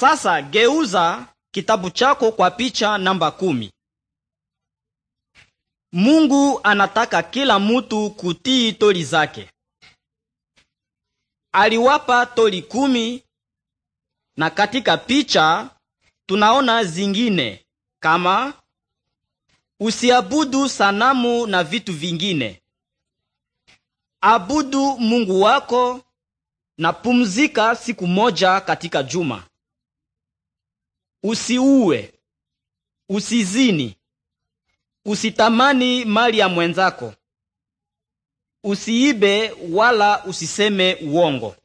Sasa geuza kitabu chako kwa picha namba kumi. Mungu anataka kila mutu kutii toli zake. Aliwapa toli kumi na katika picha tunaona zingine kama usiabudu sanamu na vitu vingine, abudu Mungu wako na pumzika siku moja katika juma usiue, usizini, usitamani mali ya mwenzako, usiibe wala usiseme uongo.